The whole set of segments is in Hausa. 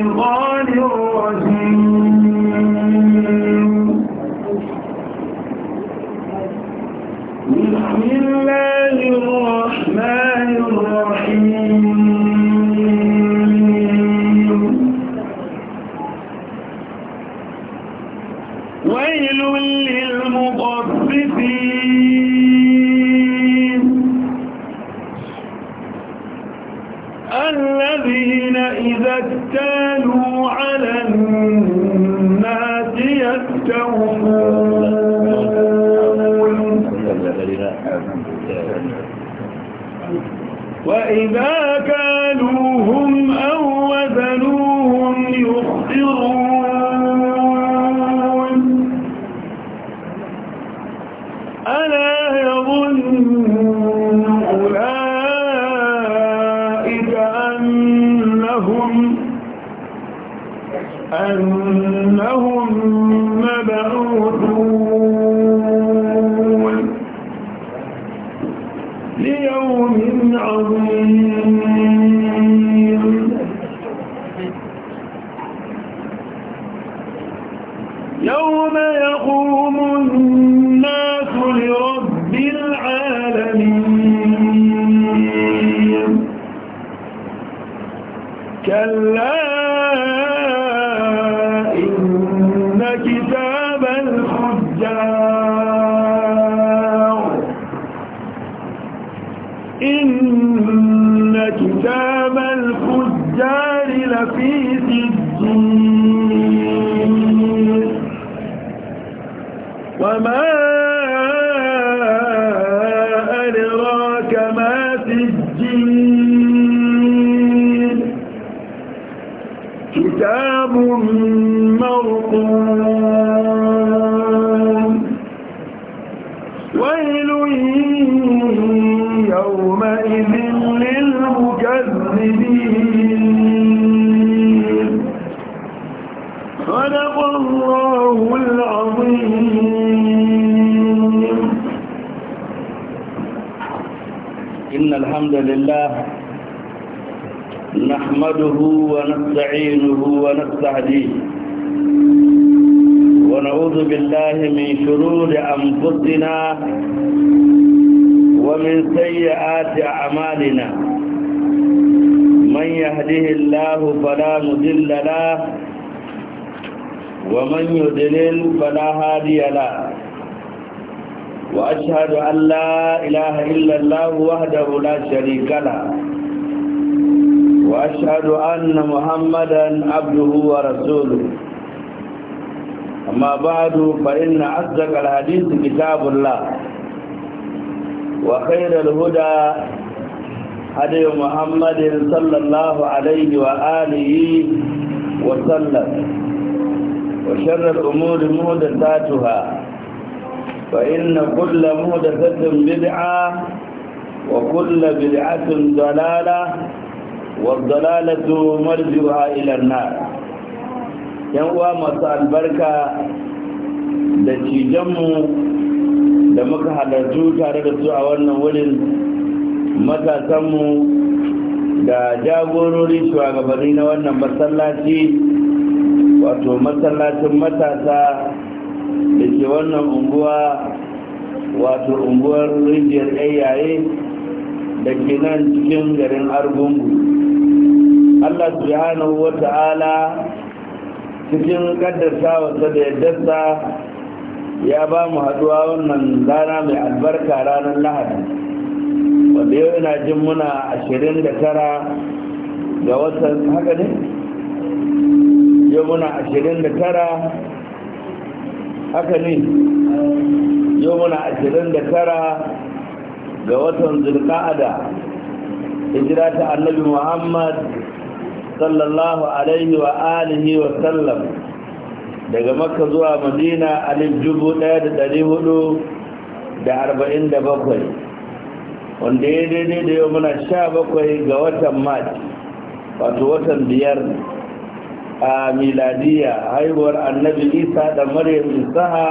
الشيطان الرجيم بسم الله كتاب مرقوم ويل يومئذ للمكذبين صدق الله العظيم إن الحمد لله نحمده ونستعينه ونستهديه ونعوذ بالله من شرور أنفسنا ومن سيئات أعمالنا من يهده الله فلا مذل له ومن يدلل فلا هادي له وأشهد أن لا إله إلا الله وحده لا شريك له وأشهد أن محمدا عبده ورسوله أما بعد فإن أصدق الحديث كتاب الله وخير الهدى هدي محمد صلى الله عليه وآله وسلم وشر الأمور مهدساتها فإن كل مهدسة بدعة وكل بدعة ضلالة waddalalatu marjuha ila yan uwa masu albarka da cijanmu da muka halartu tare da su a wannan wurin matasanmu da jagorori shugabanni na wannan masallaci wato masallacin matasa da ke wannan unguwa wato unguwar rijiyar yayaye da ke nan cikin garin argungu Allah subhanahu wa ta'ala cikin kaddasa wasa da yaddarsa ya ba mu haduwa wannan rana mai albarka ranar lahadi wanda yau ina jin muna ashirin da tara ga watan haka ne yau muna ashirin da tara haka ne yau muna ashirin da tara ga watan zirka'ada hijira ta annabi muhammad sallallahu alaihi wa alihi wa sallam daga makka zuwa madina alif jubu ɗaya da ɗari hudu da arba'in da bakwai wanda ya daidai da yau muna sha bakwai ga watan mati wato watan biyar a miladiya haihuwar annabi isa da maryam isaha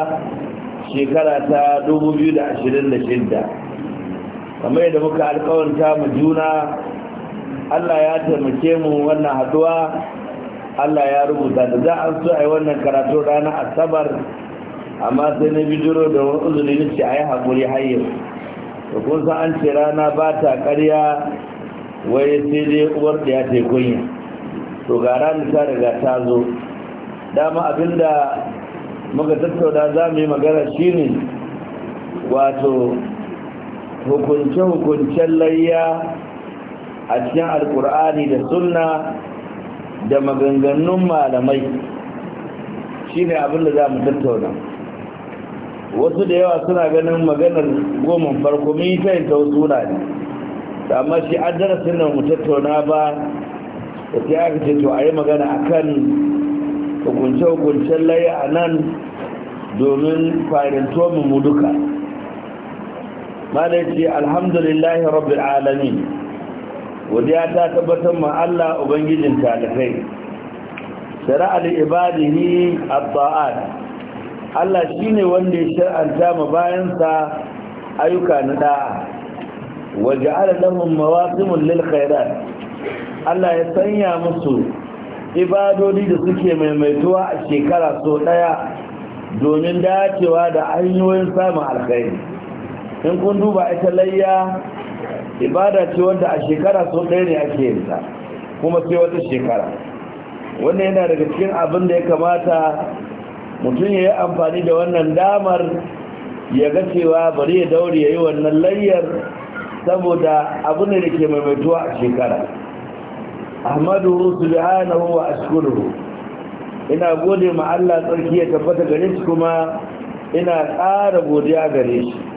shekara ta 2026 kamar yadda muka alkawanta mu juna Allah ya taimake mu wannan haduwa Allah ya rubuta da za an so a yi wannan karatu ranar asabar amma sai na bijiro da wani uzuri na ce a yi haƙuri hayyar da kun san an ce rana ba ta ƙarya wai sai dai uwar da ya ce kunya to ga ranar ta riga ta zo dama abinda muka tattauna za mu yi magana shine wato hukunce-hukuncen layya a cikin alkur'ani da sunna da maganganun malamai shi ne da za mu tattauna wasu da yawa suna ganin maganar goma farko mun yi ta ta wasu ne amma shi an darasin nan mu tattauna ba da ta aka ce to a yi magana a kan hukunce-hukuncen laye a nan domin farinto mu duka ma da ce alhamdulillahi rabbi alamin ya ta tabbatar ma Allah ubangijin talifai. shari'ar ibadihi a ta’ad, Allah shi ne wanda ya shar'anta ma bayansa ayyuka na da'a wa ja'ala mawasimun lil khairat Allah ya sanya musu ibadodi da suke maimaituwa a shekara so ɗaya domin dacewa da hanyoyin samun alkhairi in kun duba ita layya ibada ce wanda a shekara sau ɗaya ne ake yin ta kuma sai wata shekara wannan yana daga cikin abin da ya kamata mutum ya yi amfani da wannan damar ya ga cewa bari ya daure ya yi wannan layyar saboda abu ne da ke maimaituwa a shekara ahmadu a wa ashkuruhu ina gode ma Allah tsarki ya tabbata gare shi kuma ina ƙara godiya gare shi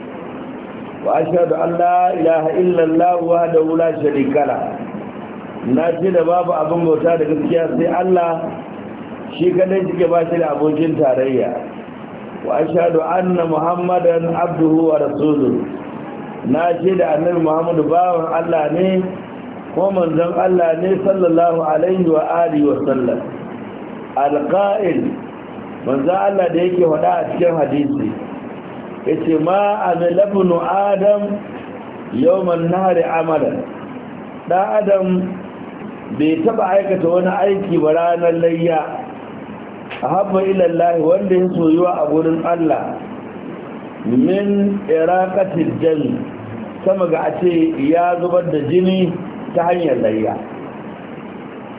وأشهد أن لا إله إلا الله وحده لا شريك له babu باب bauta da gaskiya sai Allah shi kadai suke ba shi da abokin tarayya wa ashhadu anna muhammadan abduhu wa rasuluhu na ce da annabi muhammadu bawan Allah ne ko manzon Allah ne sallallahu alaihi wa alihi wa sallam alqa'il manzon Allah da yake faɗa a cikin hadisi ya ce ma a adam yawon nahari amalan ɗan adam bai taɓa aikata wani aiki ba ranar layya a haɓa ilallahi wanda ya soyuwa a wurin allah min irakatin jami sama ga a ce ya zubar da jini ta hanyar layya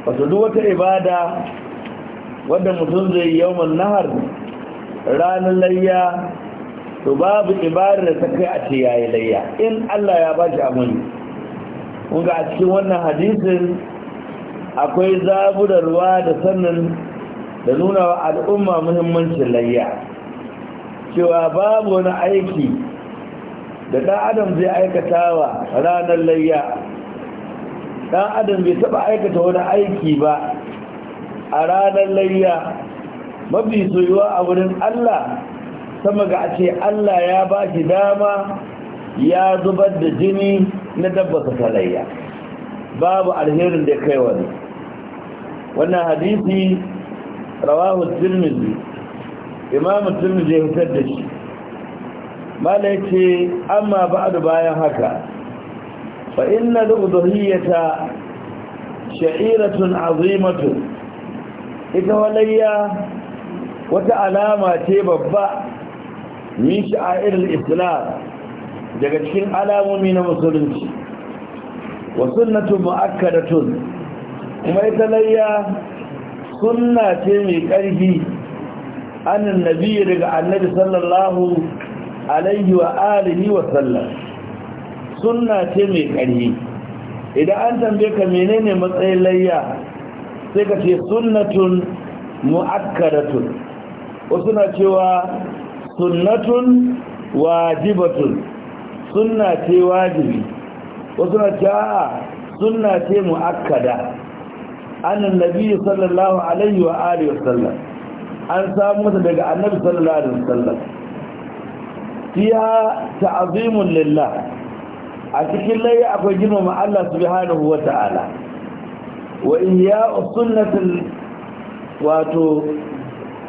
wasu duk wata ibada wadda mutum zai yawon nahar ranar layya to babu ibadar da ta kai a ce yayi layya in Allah ya bashi amani kun ga a cikin wannan hadisin akwai zabu da ruwa da sannan da nuna wa al'umma muhimmancin layya cewa babu wani aiki da ɗan adam zai aikata wa ranar layya ɗan adam bai taɓa aikata wani aiki ba a ranar layya mafi soyuwa a wurin Allah sama ga a ce Allah ya ba shi dama ya zubar da jini na dabbata talayya babu alherin da kai wani wannan hadisi rawahu tirmidhi imamu tirmidhi ya fitar da shi mala ce amma ba'adu bayan haka fa inna al sha'iratun azimatu ita walayya wata alama ce babba min sha'airul islam daga cikin alamomi na musulunci wa sunnatu mu'akkadatun kuma ita layya sunna ce mai ƙarfi annan nabi daga annabi sallallahu alaihi wa alihi wa sallam sunna ce mai ƙarfi idan an tambaye ka menene matsayin layya sai ka ce sunnatun mu'akkadatun wasu na cewa sunnatun wajibatun sunna ce wajibi wasu na ce a sunna ce mu'akkada annan nabi sallallahu alaihi wa alihi wasallam an samu masa daga annabi sallallahu alaihi wasallam fiya ta'zimun lillah a cikin laye akwai girmama Allah subhanahu wataala ta'ala wa iya sunnatul wato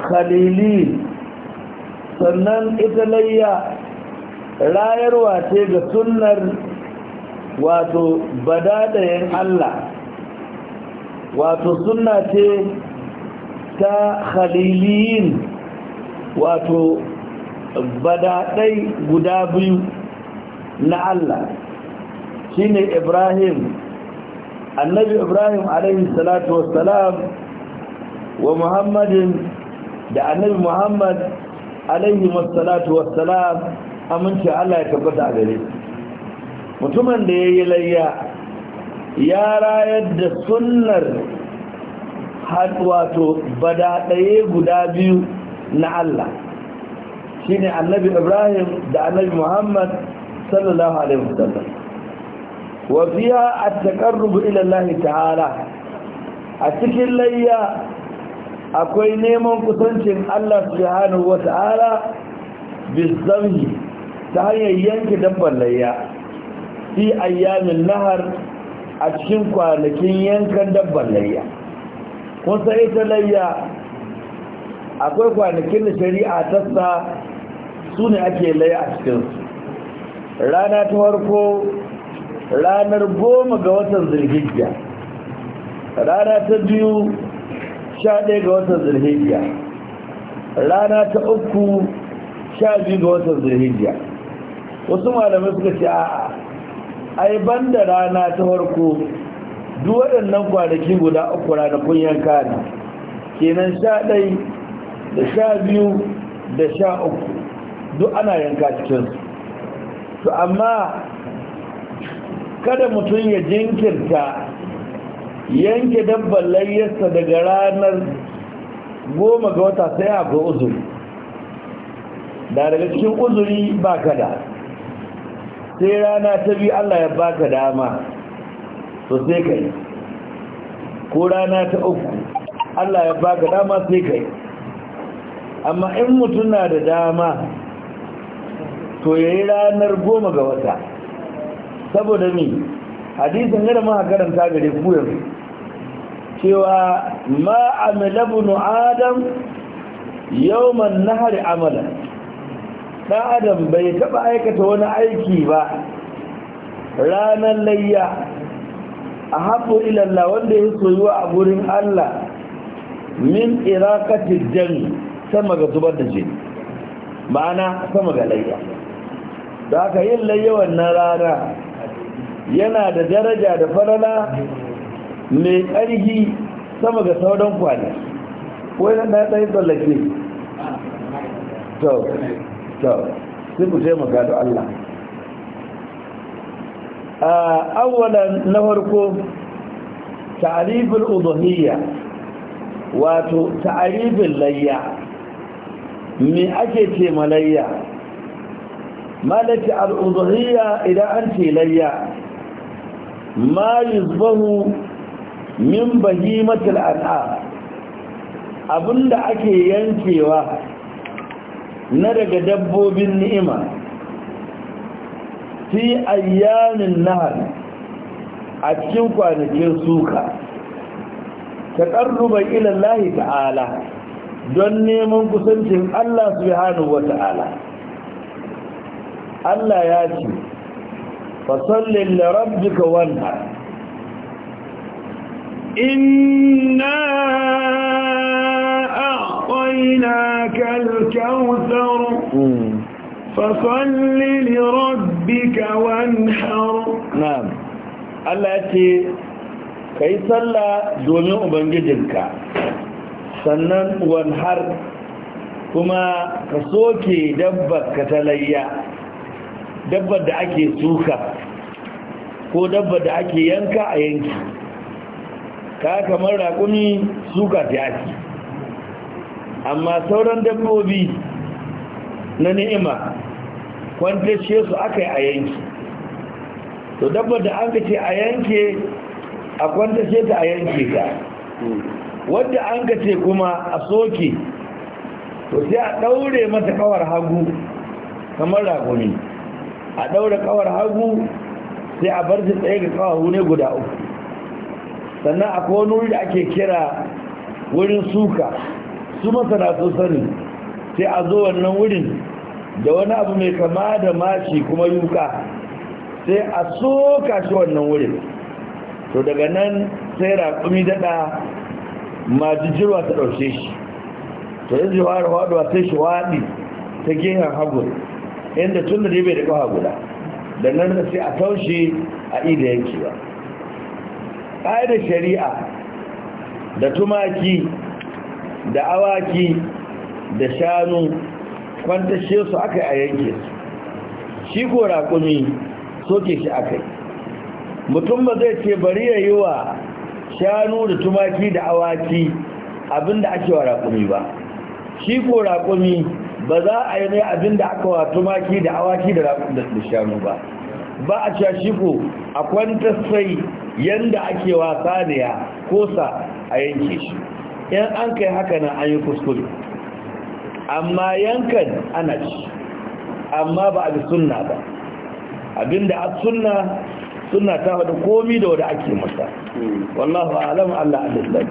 khalili sannan ita layya rayarwa ce ga sunnar wato badadayen Allah wato sunna ce ta khaliliyin wato badadai guda biyu na Allah shine Ibrahim annabi Ibrahim alaihi salatu wassalam wa Muhammadin da annabi Muhammad alaihi wassalatu wassalam aminci Allah ya tabbata a gare mutumin da ya yi layya ya rayar da sunnar wato ɗaya guda biyu na Allah shi annabi ibrahim da annabi muhammad sallallahu alaihi wasallam wafiya a ila ilallahi ta'ala a cikin layya akwai neman kusancin Allah subhanahu ta'ala bizabhi ta hanyar yanke dabbar layya fi ayyamin nahar a cikin kwanakin yankan dabbar layya kun sai ta layya akwai kwanakin da shari'a ta sa sune ake layya a cikinsu rana ta farko ranar goma ga watan Zulhijja. rana ta biyu sha ga watan zirhijiya rana ta uku sha biyu ga watan zirhijiya wasu malamai suka ce a ai ban da rana ta farko duk waɗannan kwanaki guda uku kun yanka ne kenan sha ɗai da sha biyu da sha uku duk ana yanka cikinsu to amma kada mutum ya jinkirta yanke dabbar layyarsa daga ranar goma ga wata sai akwai uzuri da daga cikin uzuri ba ka da sai rana ta biyu allah ya baka dama to sai ka yi ko rana ta uku allah ya baka dama sai ka yi amma in mutum na da dama to ya yi ranar goma ga wata saboda mi hadisin yana ma karanta gare ku yanzu cewa ma amila ibn adam yawman nahar amala dan adam bai taba aikata wani aiki ba Ranan layya a haɓu ilallah wanda ya soyuwa a gurin allah min irakatin jan sama ga zubar da jini ma'ana sama ga layya da aka yin layya wannan rana yana da daraja da falala mai ƙarfi sama ga sauran kwanaki ko yana da ɗaya tsallake to to sai ku taimaka da Allah a awwalan na farko ta'arifin udhiyya wato ta'arifin layya me ake ce malayya malaki al-udhiyya idan an ce layya ma yuzbahu min bahimatul an'a abinda ake yankewa na daga dabbobin ni'ima fi ayyamin nahar a cikin kwanakin suka ta ƙarruba ilallahi ta'ala don neman kusancin Allah subhanahu wa ta'ala Allah ya ce fasallin da rabbika wannan inna a ƙwaina kalkautar fasallin rabbika wannan na'am Allah ce ka yi sallah domin ubangijinka sannan wannan kuma ka soke dabbar ka talayya dabbar da ake tuka ko dabbar da ake yanka a yanki ka kamar raƙumi suka ta ake amma sauran dabbobi na ni'ima kwantashe su aka yi a yanki to dabbar da an ce a yanke a kwantashe ta a yanke ka, wadda an ce kuma a soke to sai a ɗaure mata kawar hagu kamar raƙumi a ɗaura kawar hagu sai a bar shi tsaye ga kawahu ne guda uku sannan akwai wani wuri da ake kira wurin suka su masana sun sani sai a zo wannan wurin da wani abu mai kama da mashi kuma yuka sai a soka shi wannan wurin to daga nan sai raƙumi daɗa majijirwa ta ɗauke shi to yanzu ya fara sai shi waɗi ta gehen hagu inda tun da bai da kafa guda da nan da sai a taushe a ida Ai ƙa'idar shari'a da tumaki da awaki da shanu kwantashe su aka a yanke su shi ko raƙumi soke shi aka mutum ba zai ce bari ya yi wa shanu da tumaki da awaki abinda ake wa raƙumi ba shi ko raƙumi ba za a yi mai abin da aka wa tumaki da awaki da rakun da shanu ba ba a sha shiko a kwanta sai yadda ake wasa saniya ya kosa a yanke shi in an kai haka nan an yi kuskure amma yankan ana ci amma ba a bi sunna ba abinda a sunna sunna ta faɗi komi da wadda ake masa wallahu a'lam Allah alaihi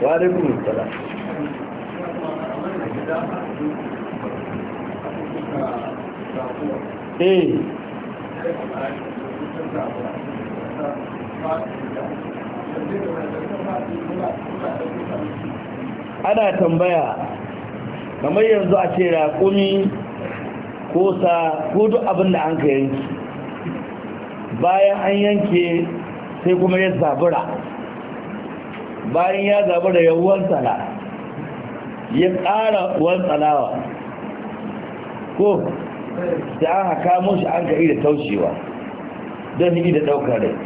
wa alaikum salam. Eh. ana tambaya kamar yanzu a ce raƙumi ko sa ko duk abin da an ka yanki bayan an yanke sai kuma ya zabura bayan ya zabura yawon sana'a ya ƙara wani tsanawa ko da an haka mushi an ka da taushewa don yi da ɗaukar rai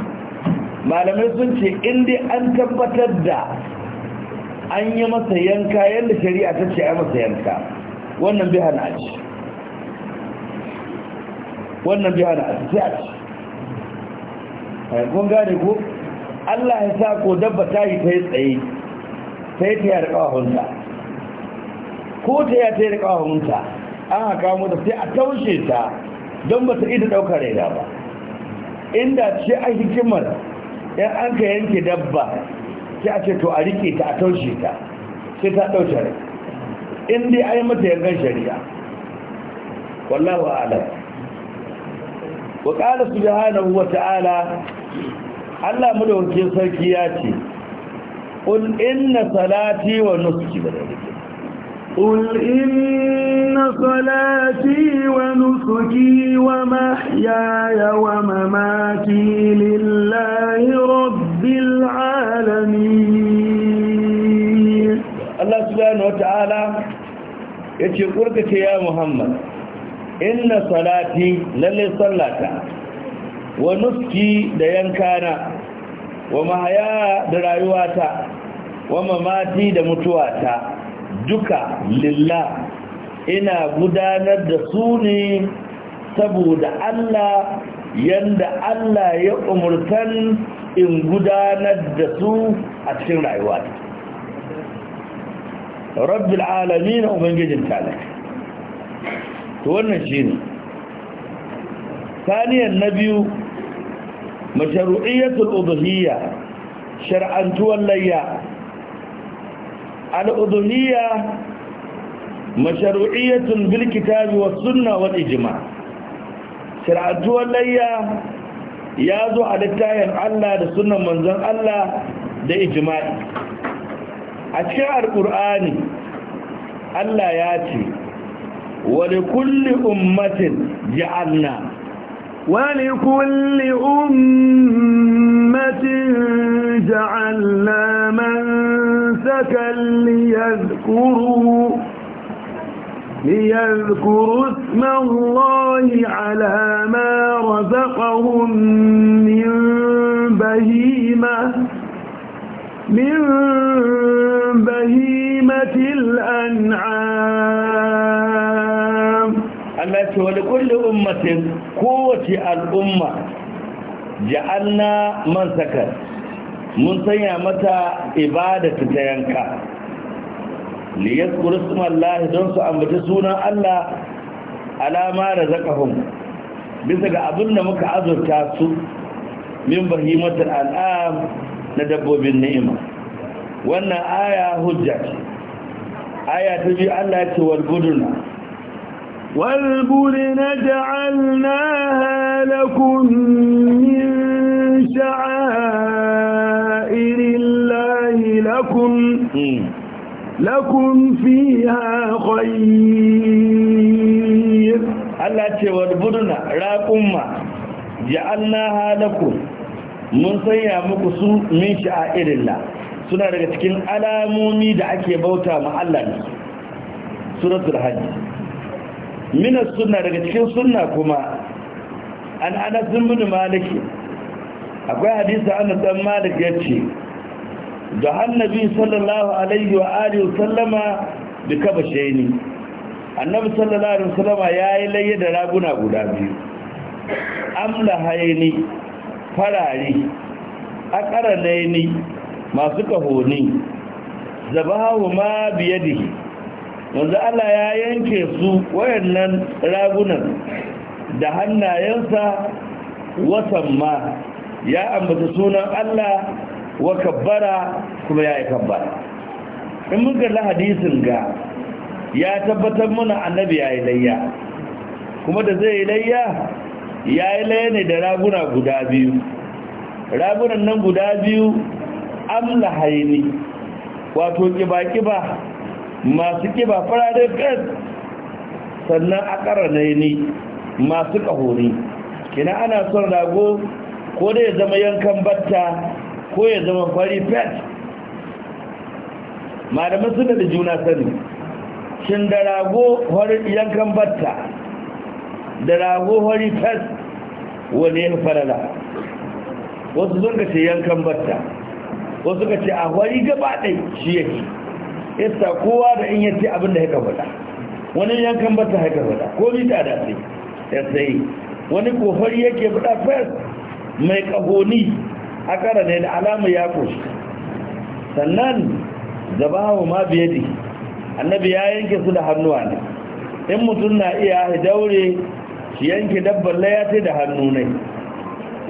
malamai sun ce inda an tabbatar da an yi masa yanka yadda shari'a ta ce a masa yanka wannan biya na ci wannan biya na ci sai aji. Eh, kun gane ko Allah ya sa ko dabba ta yi ta yi tsaye ta yi ta yi da ko ta ya ta yi da ƙafafunta an haka mata sai a taushe ta don ba ta ita ɗaukar raina ba inda ce a hikimar yan an ka yanke dabba sai a ce to a rike ta a taushe ta sai ta ɗauce rai in dai a yi mata yankan shari'a wallahu alam wa ƙara su jihanahu wa ta'ala allah wakil sarki ya ce ƙul inna salati wa nuski da rarrike قل إن صلاتي ونسكي ومحياي ومماتي لله رب العالمين الله سبحانه وتعالى يتشكرك يا محمد إن صلاتي للي صلاتا ونسكي دينكانا ومحياي درايواتا ومماتي دمتواتا duka lillah ina gudanar da su ne saboda Allah yanda Allah ya umurtan in gudanar da su a cikin rayuwa rabbil alamin ubangijin talaka to wannan shine saniyan na biyu mashru'iyatul udhiyya shar'antuwar layya al'udumiya masharu'iyyatun bilkita wa sunna waɗi jima shir'atuwar layya ya zo a littayen Allah da sunan manzon Allah da ijma'i a cikin Al-ƙur'ani Allah ya ce wani kulli ummatin ja'alna wani kulli ummatin ليذكروا ليذكروا اسم الله على ما رزقهم من بهيمة من بهيمة الأنعام التي ولكل أمة قوة الأمة جعلنا من سكت mun sanya mata ibadata ta yanka liyas kurisumallahi don su ambaci sunan Allah alama da zakahun bisa ga abin da muka azurta su min bahimatar al'am na dabbobin ni'ima wannan aya hujja aya ta biyu Allah ce wal buduna wal buduna ja'alnaha lakum min sha'a لكم لكم فيها خير الله تودبرنا راكم جعلناها لكم mun sanya muku su min sha'irillah suna daga cikin alamomi da ake bauta ma Allah ne suratul hajj min sunna daga cikin suna kuma an anas bin malik akwai hadisi anas dan malik ce. da annabi sallallahu alaihi wa alihi sallama da kabashaini annabi sallallahu alaihi ya yi layya da raguna guda biyu amla hayni farari akaranaini masu kahoni zabahu ma biyadihi yanzu Allah ya yanke su wayannan ragunan da hannayensa wasan ma ya ambata sunan Allah wa kabbara kuma ya yi kabbara in mun kalli hadisin ga ya tabbatar mana annabi ya yi layya kuma da zai yi layya ya yi layya ne da raguna guda biyu ragunan nan guda biyu amla haini wato kiba-kiba masu kiba fararen kan sannan akara na yini masu kahori kina ana son rago ko da ya zama yankan batta ko ya zama fari fet malamai suna da juna sani shin da rago yankan batta da rago fari fet wani yin farala wasu sun ka ce yankan batta wasu ka ce a fari gaba ɗai shi yake ista kowa da in yace abin da ya kafaɗa wani yankan batta ya kafaɗa ko ta da sai ya sai wani kofar yake fada fes mai kahoni akara ne da alamu ya ƙunshi. sannan zabahu ma biyadi annabi ya yanke su da hannuwa ne in mutum na iya daure shi yanke dabbar layata da hannu ne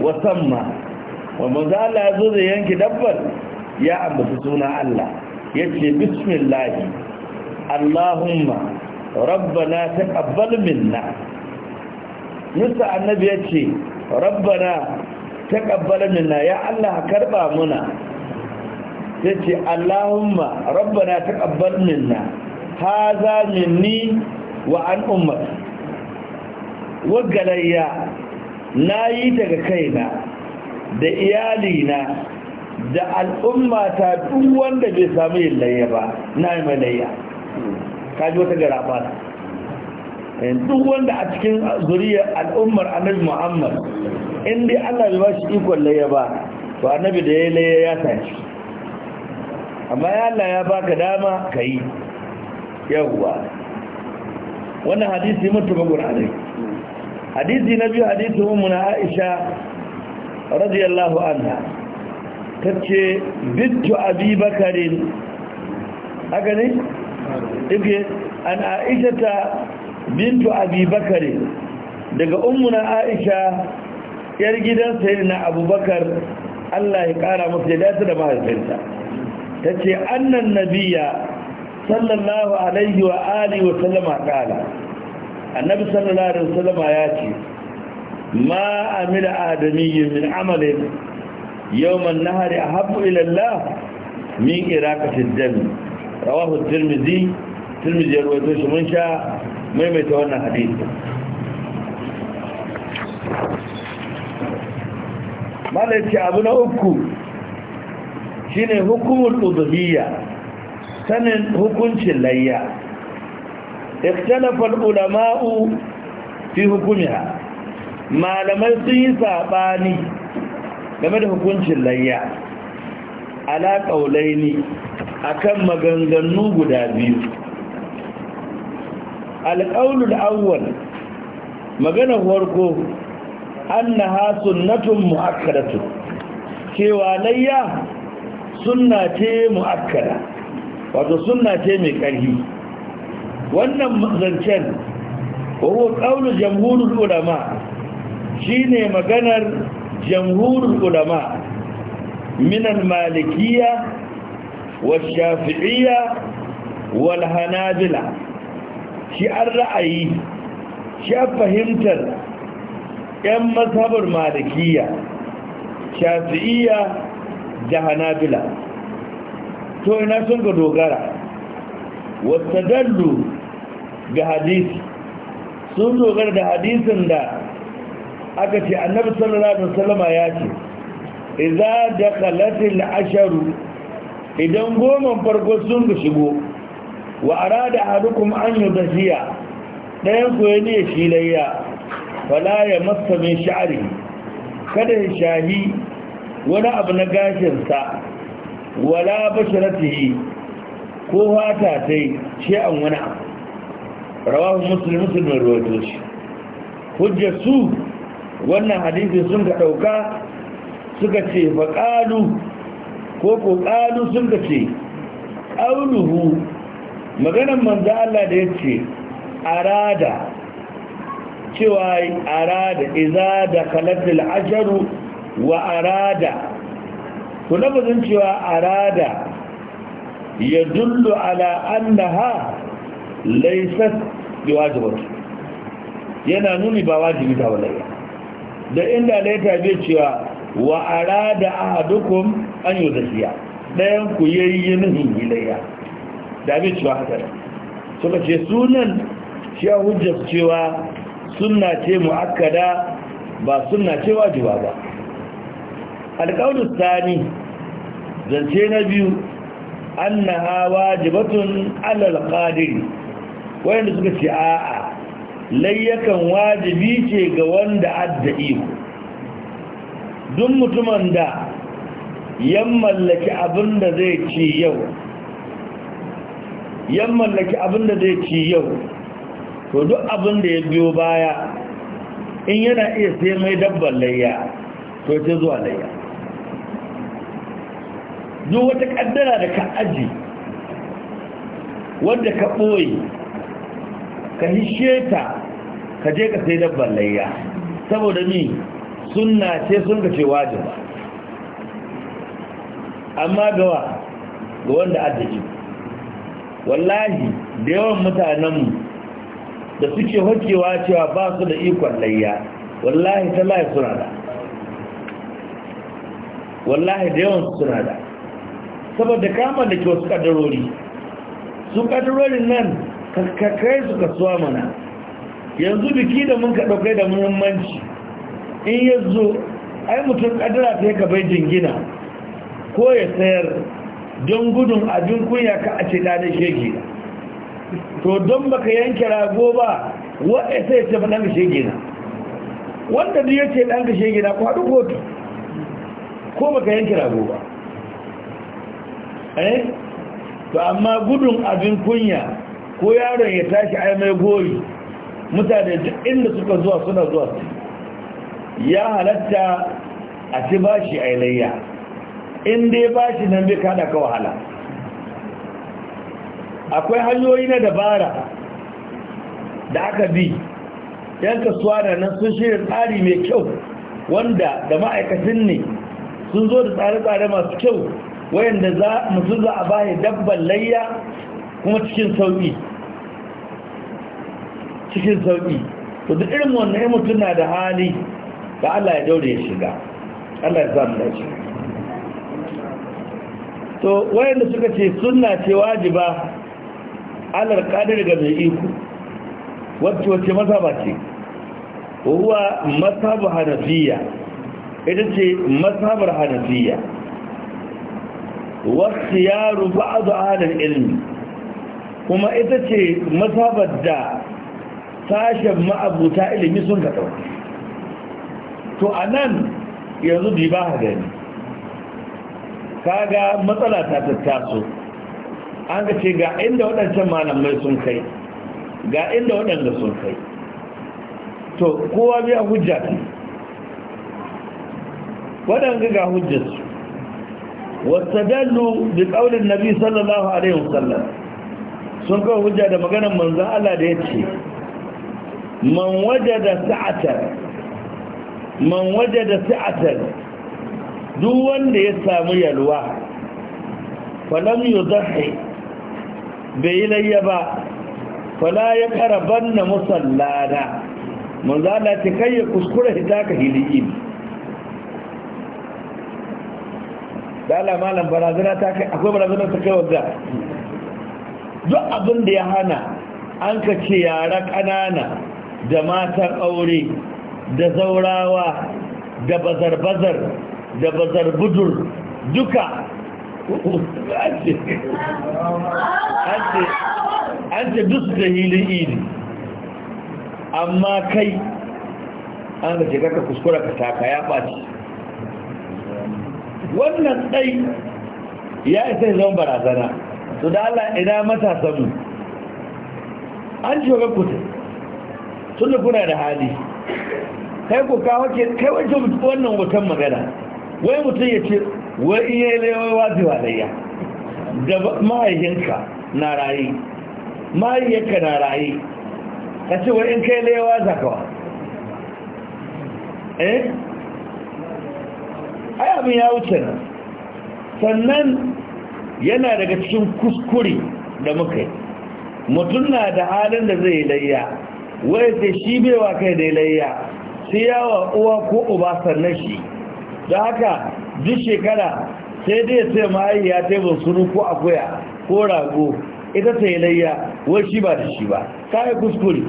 wasamma wa manzo zo da yanke dabbar ya ambata suna Allah yace bismillah Allahumma rabbana taqabbal minna Musa annabi yace rabbana taqabbal minna ya Allah karba muna ce Allahumma rabbana taqabbal minna hadha minni wa an ummati wagalayya yi daga kaina da iyalina da al'ummata duk wanda bai samu yin layya ba na yi mai kaji wata gara fata duk wanda a cikin zuriyar al'ummar annabi muhammad in dai Allah bai ba shi ikon layya ba to annabi da ya layya ya tashi amma ya Allah ya baka dama ka yi wannan hadisi mutumin qur'ani hadisi na biyu hadisi mu na Aisha radiyallahu anha tace bintu Abi Bakarin haka ne take an Aisha ta bintu Abi Bakarin daga ummu na Aisha yar gidan sayyidina abubakar Allah ya kara musu ya dace da mahaifinta tace annan nabiyya sallallahu alaihi wa alihi wa sallama kala annabi sallallahu alaihi wa sallama ya ce ma amila adamiyyin min amalin yawman nahari ahabbu ila Allah min iraqati dami rawahu tirmidhi tirmidhi ya rawaito shi mun sha maimaita wannan hadisi malaci abu na uku shine hukumul udhiyya sanin hukuncin layya ikhtalafa ulama'u fi hukumiha malamai sun yi sabani game da hukuncin layya ala qaulaini akan maganganu guda biyu alqaulul awwal magana farko annaha sunnatun mu'akkadatu cewa layya sunna ce mu'akkada wato sunna ce mai ƙarfi wannan zancen wa qawlu jamhurul ulama shine maganar jamhurul ulama minan Malikiya wa wash-shafi'iyya hanabila shi an ra'ayi shi fahimtar yan mazhabar malikiya shafi'iya da hanabila to ina sun ga dogara wata dallu ga hadisi sun dogara da hadisin da aka ce annabi sallallahu alaihi ya ce idza dakhalatil asharu idan goma farko sun ga shigo wa arada ahadukum an yudhiya dayan ko ne shi layya fala ya masa mai sha'ari kada ya shahi wani abu na gashinsa wala basharatihi ko hata yi ce an wani abu rawahu muslim muslim rawato shi hujjar su wannan hadisi sun ka dauka suka ce fa qalu ko ko qalu sun ka ce qauluhu maganar manzo Allah da yace arada cewa arada iza da kalatil ajaru wa arada na lafazin cewa arada ya dullu ala annaha laysat biwajibah yana nuni ba wajibi ta walayya da inda laita bai cewa wa arada ahadukum an yudhiya dayan ku yayi yin hilayya da bai cewa haka suka ce sunan shi a hujjar cewa sunna ce mu'akkada ba sunna ce wajiba ba alƙawar tsani zance na biyu annaha wajibatun batun qadiri wayanda suka ce a'a layyakan wajibi ce ga wanda adda iko duk mutumin da yan mallaki abinda zai ci yau yan mallaki abinda zai ci yau to duk abin da ya biyo baya in yana iya sai mai dabbar layya to ce zuwa layya duk wata kaddara da ka aji wanda ka ɓoye ka hishe ta ka je ka sai dabbar layya saboda mi sunna ce sun ka ce wajiba amma gawa ga wanda arziki wallahi da yawan mutanenmu da suke hokewa cewa ba su da ikon layya wallahi suna da wallahi da yawan suna da saboda kama da ke wasu kadarori su kadarorin nan kai su kasuwa mana yanzu biki da mun ka ɗaukai da muhimmanci in yanzu ai mutum kadara ta yi bai jingina ko ya sayar don gudun abin kunya ka a ce da shege to don baka yanke rago ba waɗanda sai ce ɗan gashe gina wanda duk ya ce ɗan gashe gina ko haɗu kotu ko baka yanke rago ba eh to amma gudun abin kunya ko yaron ya tashi ai mai goyi mutane duk inda suka zuwa suna zuwa su ya halatta a ci bashi ailayya in dai bashi nan bai kada ka wahala akwai hanyoyi na dabara da aka bi yan kasuwa da nan sun shirya tsari mai kyau wanda da ma'aikatan ne sun zo da tsare-tsare masu kyau wayanda za mutum za a baya dabban layya kuma cikin sauƙi cikin sauƙi to da irin wannan mutum na da hali da Allah ya daure ya shiga Allah ya da dace to wayanda suka ce suna ce wajiba alar kadar ga mai iko wacce wacce mazhaba ce huwa mazhabu hanafiya ita ce mazhabar hanafiya wasu yaro ba'adu ahalar ilmi kuma ita ce mazhabar da sashen ma'abuta ilimi sun ka to a nan yanzu bi ba ga gani kaga matsala ta tattaso an ga ce ga inda waɗancan malamai sun kai ga inda waɗanda sun kai to kowa biya hujja ta waɗanda ga hujjarsu wata dallu da ƙaunin nabi sallallahu alaihi wasallam sun kawo hujja da maganar manzan Allah da ya ce man waje da sa'atar man waje da sa'atar duk wanda ya samu yalwa falam yi zahai bai yi layya ba fala ya ban na musallana manzala ta kai ya kuskura hita ka hili'i dala malam barazana ta kai akwai barazana ta kai wadda duk abin da ya hana an ka ce yara ƙanana da matan aure da zaurawa da bazar-bazar da bazar-budur duka an ce duk jahilin idi amma kai an da shiga kuskura ka taka ya ɓaci wannan tsai ya isa zama barazana su da Allah ina matasanmu an shiga kuta tun da kuna da hali kai ku kawo ke kai wajen wannan wutan magana wai mutum ya ce wai iya lewa wajewa da ya da mahaihinka na rayu mahaifiyarka na raye ka ce wa in kai laiwa zakawa eh ai abin ya wuce nan sannan yana daga cikin kuskure da muka yi mutum na da halin da zai layya wai sai shi baiwa kai da layya sai yawa uwa ko uba sannan shi da haka duk shekara sai dai sai ya taimaka yi ko akuya ko rago ita ta layya wai shi ba da shi ba ta yi kuskure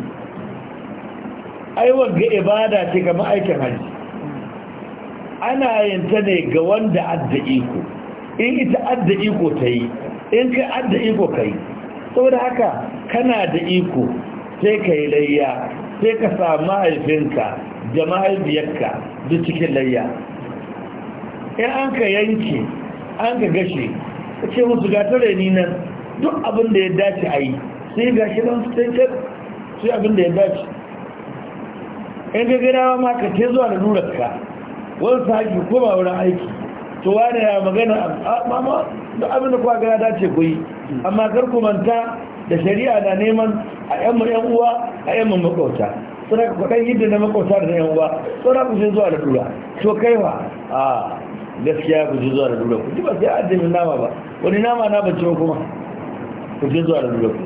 aiwa ga ibada ce ga ma'aikin hajji ana yin ta ne ga wanda adda iko in ita adda iko ta yi in ka adda iko ka yi saboda haka kana da iko sai ka yi layya sai ka samu mahaifinka da mahaifiyarka duk cikin layya in an ka yanke an ka gashe ce musu gatar ni nan duk abin da ya dace a yi sai ga shi don stated sai abin da ya dace in ga gina ma ka ce zuwa da ka wani sahaji ko ba wurin aiki to wani ya magana ah, mama duk abin da kuwa gana dace ku yi amma kar ku manta da shari'a na neman a yan mu yan uwa a yan mu makauta suna ka kwaɗan yadda na makauta da yan uwa suna ku sai zuwa da dura to kai wa a ah, gaskiya ku ji zuwa da dura ku ji ba sai addinin nama ba wani nama na bace kuma ku zuwa lura ku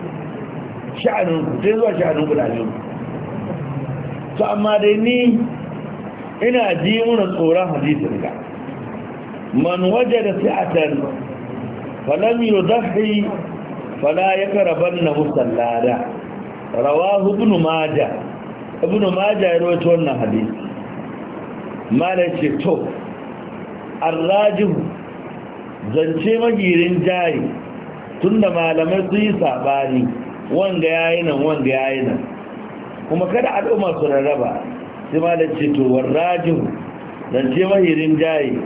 sha'anin ku je zuwa sha'anin ku da aljihu to amma dai ni ina ji muna tsoron hadisin ka man waje da a sa'atan falam yudhi fala ya na yakrabanna musallada rawahu ibn majah ibn majah ya rawaito wannan hadisi malai ce to arrajih zance magirin jari tunda malamai sun yi sabani wanga yi nan wanga yi nan kuma kada al'umma su rarraba sai ma da ce to dan ce mahirin jayi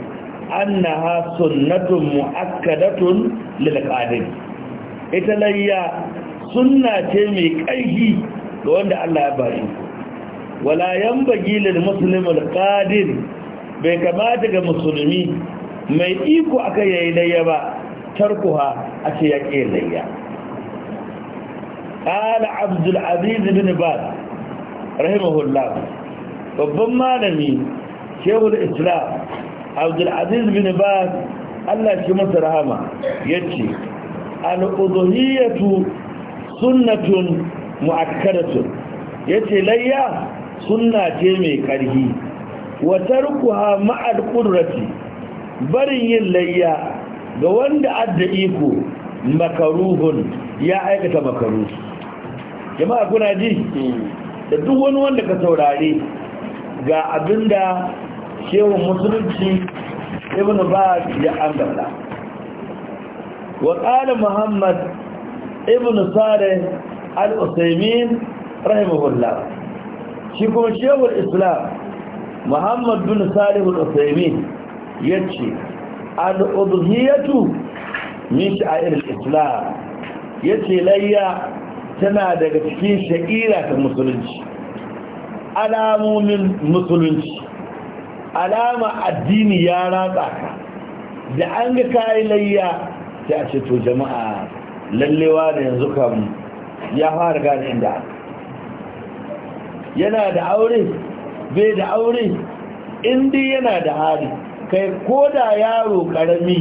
ha sunnatun muakkadatun lil qadim ita layya sunna ce mai ƙarfi ga wanda Allah ya bashi wala yanbagi lil muslim al qadir bai kamata ga musulmi mai iko akai yayi layya ba tarkuha a ce ya ƙi layya ƙala abdulaziz bin bas rahimahullah babban malami shehul islam abdulaziz bin bas allah shi masa rahama ya ce al'uduhiyyatu sunnatun mu'akkadatun ya ce layya sunna ce mai ƙarfi wa tarkuha ma'al ƙudurati barin yin layya ga wanda adda iko makaruhun ya aikata makaru jama'a kuna ji da duk wani wanda ka saurare ga abinda shehu musulunci ibn ba'ad ya ambata wa qala muhammad ibn salih al-usaymin rahimahullah shi kuma al islam muhammad Ibn salih al-usaymin yace al'udhiyatu min sha'ir islam yace layya tana daga cikin sha'ira ta musulunci alamomin musulunci alama addini ya ratsa ka da an ga kayi layya sai ce to jama'a lallewa da yanzu kam ya fara gane inda yana da aure bai da aure indi yana da hali kai ko da yaro karami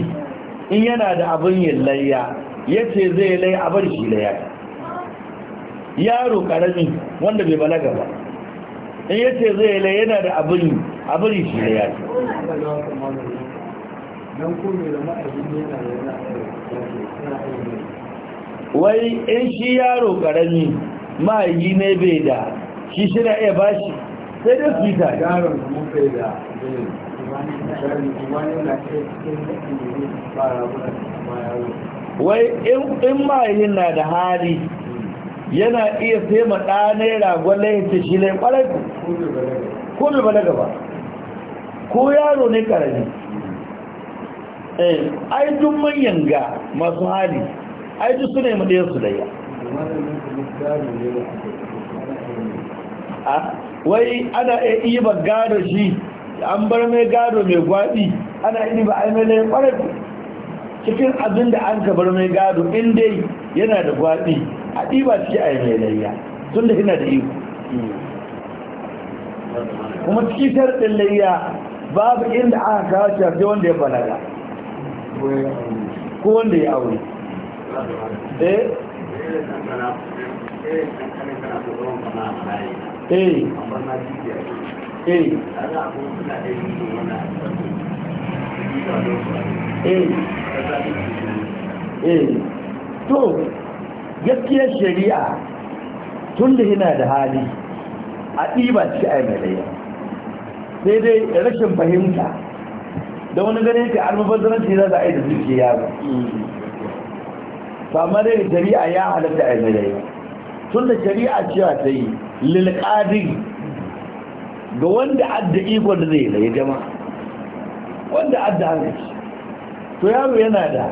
in yana da abin yin layya ya ce zai lai abin shi layya yaro karami wanda bai balaga ba in ya ce zai lai yana da abin a bari shi layya wai in shi yaro karami ma'aiki ne bai da shi shi na iya bashi sai da su yi tare wai in mahaifin na da hali yana iya sai ma ɗane ragon laifin shi ne ƙwarar ko bai balaga ba ko yaro ne ƙarari eh, ai duk manyan ga masu hali ai duk suna yi mu ɗaya su laiya ah, wai ana iya iya gado shi an bar mai gado mai gwaɗi ana iri ba ai mai lai cikin abin da an ka bar mai gado in dai yana da gwaɗi a ɗiba ciki ai mai layya tun da yana da iko kuma ciki sharɗin layya babu inda aka kawo shafi wanda ya balaga ko wanda ya aure eh eh Eh. Eh. Eh. to gaskiyar shari'a tun da yana da hali a ɗiba ci a yi mai sai dai rashin fahimta da wani ganin ka almubazzaranci za a yi da zuciya yaro amma dai shari'a ya halatta a yi mai tun da shari'a cewa ta yi lilƙadiri ga wanda adda ikon da zai laye jama wanda adda arziki to yaro yana da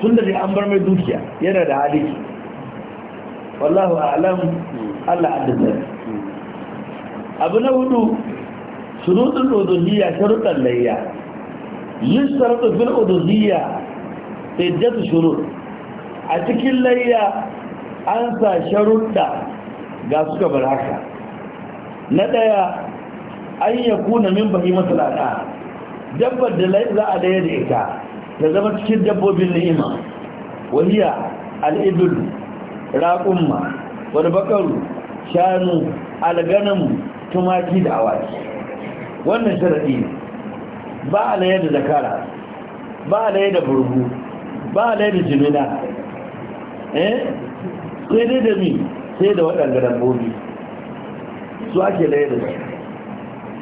tun da an bar mai dukiya yana da haliki wallahu alam allah adda zai abu na hudu shurutun uduhiyya sharutan layya yin sharuɗu fil uduhiyya iddatu shurut a cikin layya an sa sharuɗa ga suka bar haka na ɗaya an ya kuna min bahimatul an'am dabbar da za a daya da ita da zama cikin dabbobin ni'ima wahiya al'idul raƙumma wani bakaru shanu alganamu tumaki da awaki wannan sharaɗi ba a laye da zakara ba a laye da burbu ba a laye da jimina eh sai dai da mi sai da waɗanda dabbobi su ake laye da su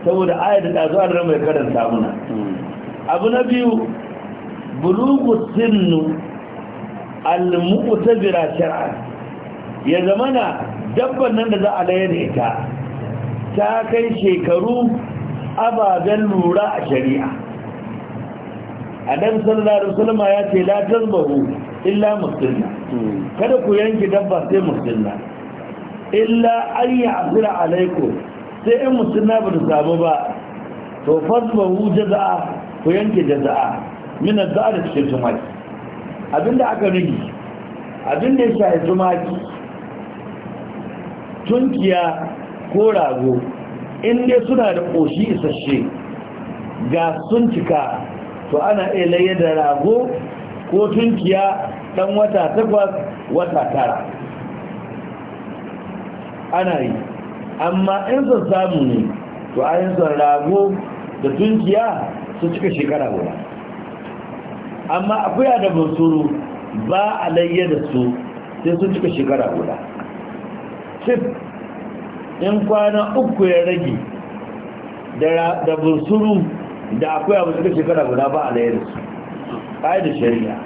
saboda ayat da zuwa da mai karanta muna abu na biyu bulugu sinnu al shar'a ya zamana dabban nan da za a laye ita ta kai shekaru ababen lura a shari'a adam sallallahu alaihi wasallam ya ce la tazbahu illa musulma kada ku yanki dabba sai musulma illa an asira alaikum sai yan musulma ba da samu ba to hu jaza'a ku yanke jaza'a min za'a da cikin tumaki abinda aka nufi abinda ya shafi tumaki tunkiya ko rago in dai suna da ƙoshi isasshe ga sun cika to ana iya laye da rago ko tunkiya ɗan wata takwas wata tara ana yi amma in zan samu ne to a yin zan rago da tunkiya su cika shekara guda amma akwai da bansuru ba a layya da su sai sun cika shekara guda cif in kwana uku ya rage da bansuru da akwai abu cika shekara guda ba a layya da su ƙa'ai da shari'a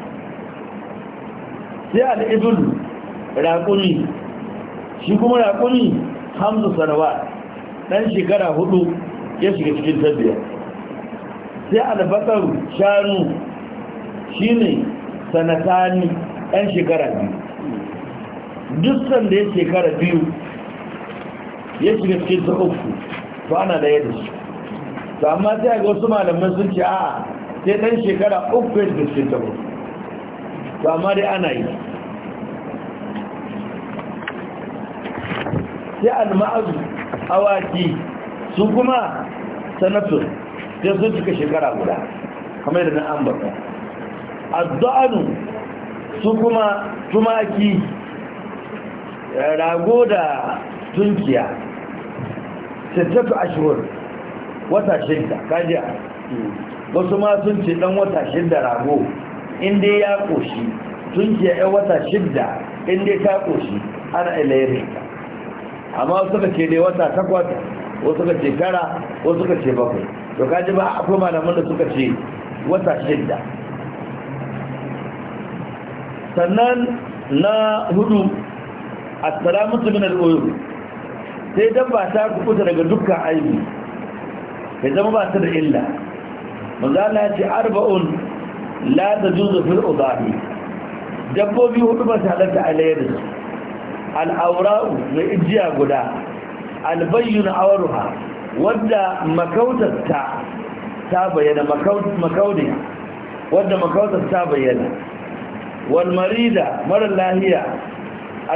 sai al'ibin raƙuni shi kuma raƙuni hamsu sanawa ɗan shekara hudu ya shiga cikin tabbiyar sai albasar shanu shi ne sanatani ɗan shekara biyu duk sanda ya shekara biyu ya shiga cikin ta to ana da yadda shi to amma sai ga wasu malamai sun ce a sai ɗan shekara uku ya shiga cikin ta to amma dai ana yi sai alma'azu awaki su kuma sanatun sai sun cika shekara guda kamar yadda an ambata addu'anu su kuma tumaki rago da tunkiya sittatu ashhur wata shidda kajiya wasu ma sun ce dan wata shidda rago inda ya koshi tunkiya ya wata shidda inda ta koshi ana ilayar amma wasu suka ce ne wata takwas wasu suka ce tara wasu suka ce bakwai to kaji ba akwai malaman da suka ce wata shidda sannan na hudu assalamatu min al-uyub sai dabba ta kubuta daga dukkan aibi ya zama ba ta da illa manzo Allah ya ce arba'un la tajuzu fil udahi dabbobi hudu ba ta halatta alayyar su al'aura'u mai ijiya guda albayyun auruha wadda makautarta ta bayyana makauniya wadda makautar ta bayyana walmarida mara lahiya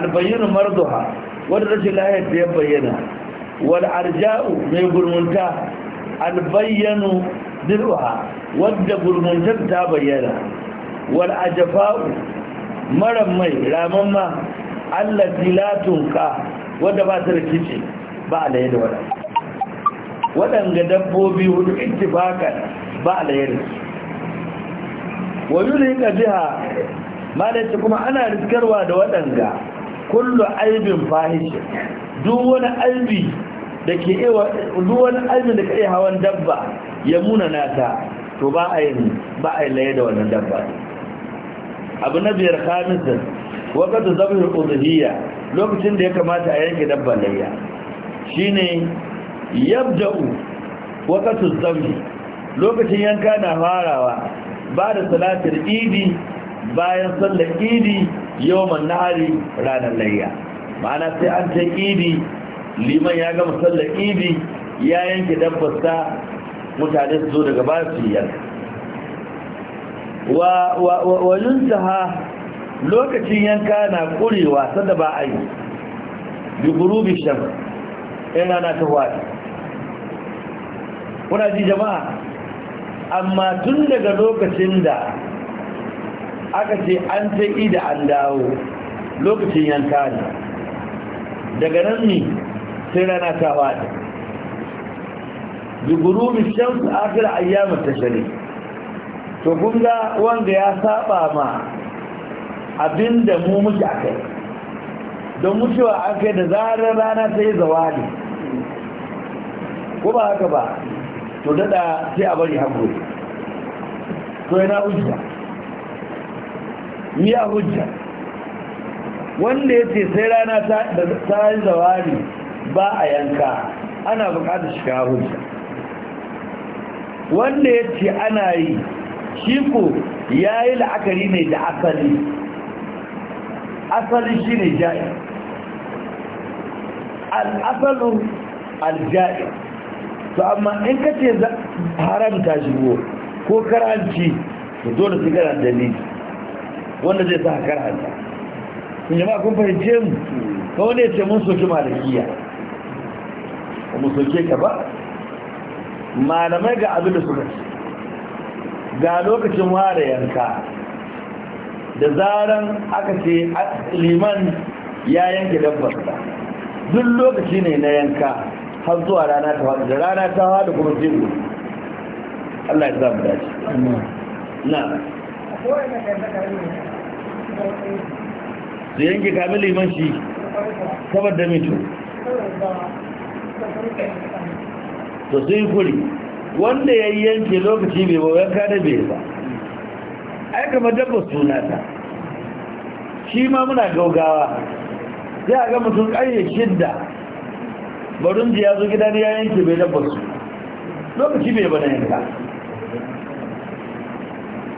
albayyun marduha wadda rashin lahiyar ta ya bayyana wal'arja'u mai gurmunta albayyanu dirha wadda gurmuntar ta bayyana wal'ajafa'u mara mai ramamma Allah la ka wanda ba ta da kici ba alaye da wada Waɗanga dabbobi hudu ittifakan ba alaye da su wa yulika biha malaita kuma ana riskarwa da waɗanga kullu aibin fahish duk wani aibi da ke ka iya hawan dabba ya muna nata to ba a yi laye da wannan dabba abu na biyar kamisar. wakatu zabhin udhiyya lokacin da ya kamata a yanke dabban layya shine yabda'u wakatu zabhi lokacin yanka na farawa ba da salatar idi bayan sallar idi yawman nahari ranar layya ma'ana sai an ta idi liman ya gama sallar idi ya yanke sa mutane su zo daga ba su yi yanka wa lokacin yanka na kurewa sanda ba a yi bi shan in na ta wata kuna ji jama'a amma tun daga lokacin da aka ce an ta da an dawo lokacin yanka ne daga nan ne sai rana ta wadi bi gurubi shan akira ta tashari to kun ga wanda ya saba ma abinda mu muke a kai don mutuwa an kai da zarar rana ta yi zawali ko ba haka ba to dada sai a bari haƙuri to yana hujja ya hujja wanda ya ce sai rana ta yi zawali ba a yanka ana bukatar shiga hujja wanda ya ce ana yi shi ko ya yi la'akari ne da asali asali shi ne ja'i al'asalin alja'i to amma in ka ce haramta shigo ko karanci to dole su gara dalili wanda zai sa karanta kun jama'a kun fahimce mu ka ne ya ce mun soke malakiya ba mu soke ka ba malamai ga abin da suka ce ga lokacin ware yanka da zaran aka ce liman ya yanke dabbarsa duk lokaci ne na yanka har zuwa rana ta hada da rana ta hada kuma jiru Allah ya zama dace na da yanke kamin liman shi saboda mito to sun kuri wanda ya yanke lokaci bai bawa yanka da bai ba ai kamar dabba suna ta shi ma muna gaugawa sai a ga mutum ƙarye shidda barin ji ya zo gida ne ya yanke bai dabba su lokaci bai bana yanka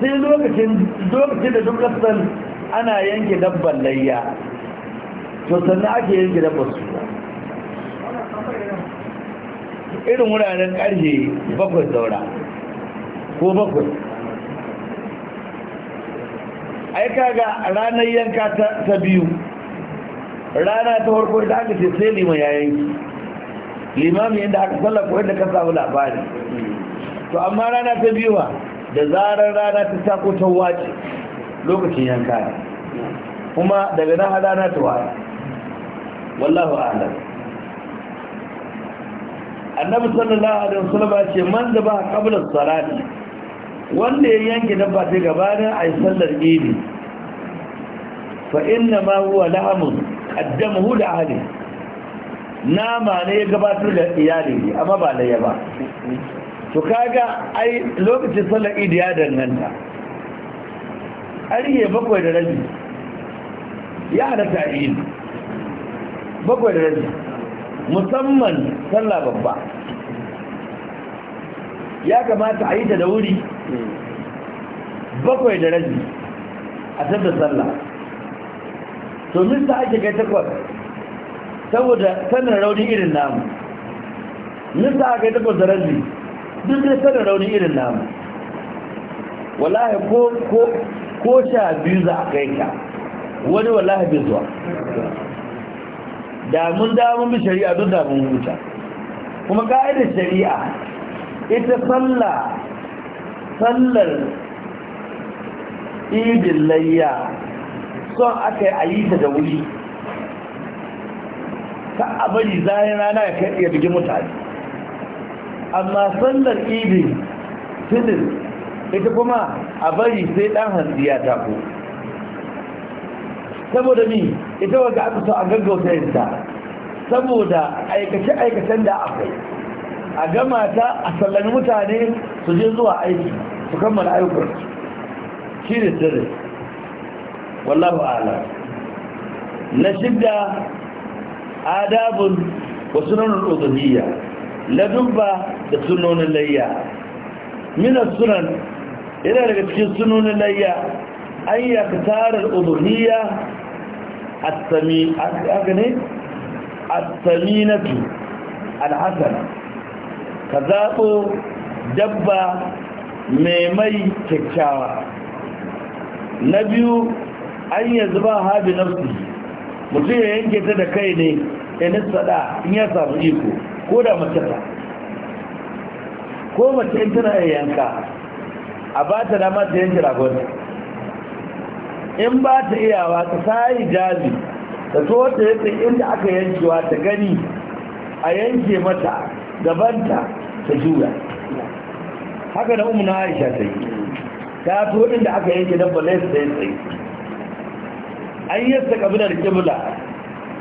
sai lokacin da duk kasan ana yanke dabban layya to sannan ake yanke dabba su irin wuraren ƙarfe bakwai saura ko bakwai ai ga ranar yanka ta biyu rana ta farko da aka ce sai liman ya yanki limami inda aka sallafa yadda ka samu labari to amma rana ta biyu ba da zarar rana ta tako ta wace lokacin yanka ne kuma daga nan rana ta wace wallahu a'lam annabi sallallahu alaihi wasallam ya ce man da ba qabla salati wanda ya yanke dabba gaba na a yi sallar idi fa inna ma huwa lahamun qaddamahu da ahli nama ne ya gabatar da iyali ne amma ba laye ba to kaga ai lokacin sallar idi ya danganta ariye bakwai da rabi ya halatta idi bakwai da rabi musamman sallar babba ya kamata a yi ta da wuri bakwai da rabi a tabbata sallah to mista ake kai takwas saboda sanin raunin irin namu mista aka kai takwas da rabi duk da sanin raunin irin namu wallahi ko ko ko sha biyu za a kai ka wani wallahi bai zuwa da mun damun bi shari'a duk da mun huta kuma ka'idar shari'a ita tsalla sallar ibin layya son aka yi a ta da wuri ta abari zai rana ya kai ya bugi mutane amma sallar ibin tunin ita kuma a sai ɗan hanzu ya ku. saboda ni ita wadda aka so a gaggauta yadda saboda aikace-aikacen da akwai a gama ta a sallami mutane su je zuwa aiki su kammala ayyukan shi ne sirri wallahu ala na shidda adabun wa sunanin na ladubba da sunonin layya minas sunan yana daga cikin sunonin layya an yi ka tarar ubudiyya a tsami a gane al sami ka zaɓo dabba mai mai kyakkyawa na biyu an yi zuba habi nafsi mutum ya yanke ta da kai ne ya nisada in ya samu iko ko da mace ta ko mace in tana yanka a ba ta dama ta yanke ragon in ba ta iyawa ta sayi jami ta so ta yanke inda aka yankewa ta gani a yanke mata gabanta ta haka da umu na aisha ta yi ta to da aka yanke dabba lai ta yi. tsaye an yi ta kabila da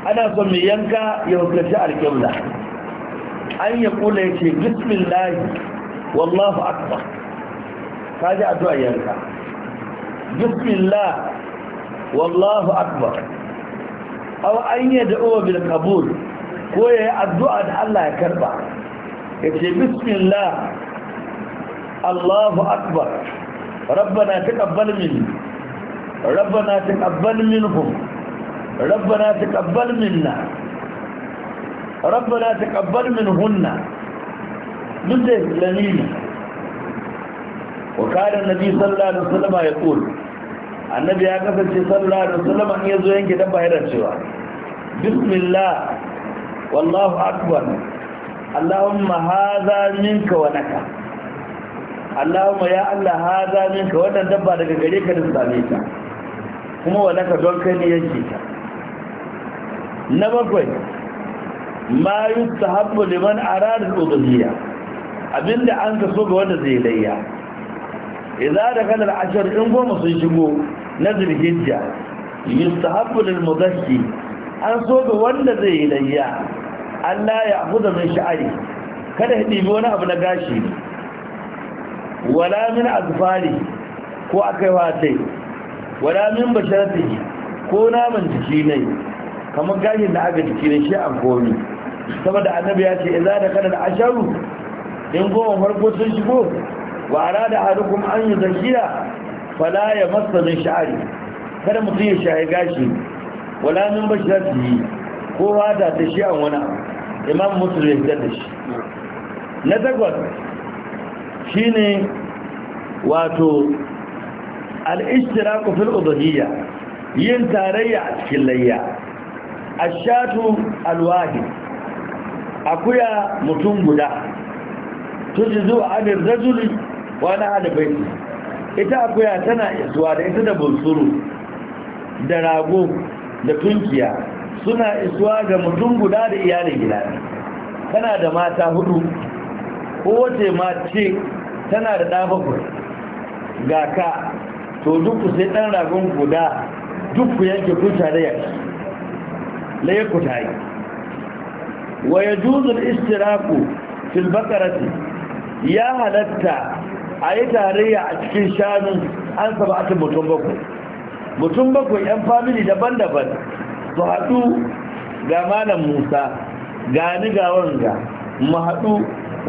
ana son mai yanka ya hukarci alkibla an yi kula ya ce bismillahi wallahu akbar ta ji addu'a yanka bismillahi wallahu akbar awa an yad'u bil kabul, ko ya yi addu'a da Allah ya karba بسم الله الله اكبر ربنا تقبل مني ربنا تقبل منهم ربنا تقبل منا ربنا تقبل منهن من ذي الذين وقال النبي صلى الله عليه وسلم يقول النبي يا كفر صلى الله عليه وسلم ان يزو ينكي دبا بسم الله والله اكبر اللهم هذا منك ولك اللهم يا الله هذا منك wannan dabba daga gare ka din same ta kuma walaka don kai ne yake ta na bakwai ma yustahabbu liman arada al-udhiyya abinda an ka so ga wanda zai layya idza dakala al-ashr in goma sun shigo na zulhijja yustahabbu lil mudhakki an so ga wanda zai layya Allah ya abuda min sha'ari kada ya ɗibi wani abu na gashi wala min azfari ko akai watai wala min basharati ko naman jiki ne kamar gashin da aka jiki ne shi an komi saboda annabi ya ce idza da kada asharu in goma farko sun shigo wa arada hadukum an yuzakira fala ya masa min sha'ari kada mutum ya shaye gashi wala min basharati ko hada ta shi an wani abu imam musulun ya da shi na takwas shi ne wato al'ishtiraku fil ubahiyya yin tarayya a cikin layya ashatu alwahi akuya mutum guda tujizu anir rajuli wa na halibai ita akuya tana isuwa da ita da bunsuru da rago da tunkiya suna isuwa ga mutum guda da iyalin gida kana da mata hudu kowace mace tana da ɗa bakwai ga ka to dukku sai ɗan ragon guda dukku yanke kuta da laye ku ta yi wa ya juzul istiraku filbakarati ya halatta a yi tarayya a cikin shanun an saba mutum bakwai mutum bakwai yan famili daban-daban su haɗu ga malam musa ga ni ga wanga mu haɗu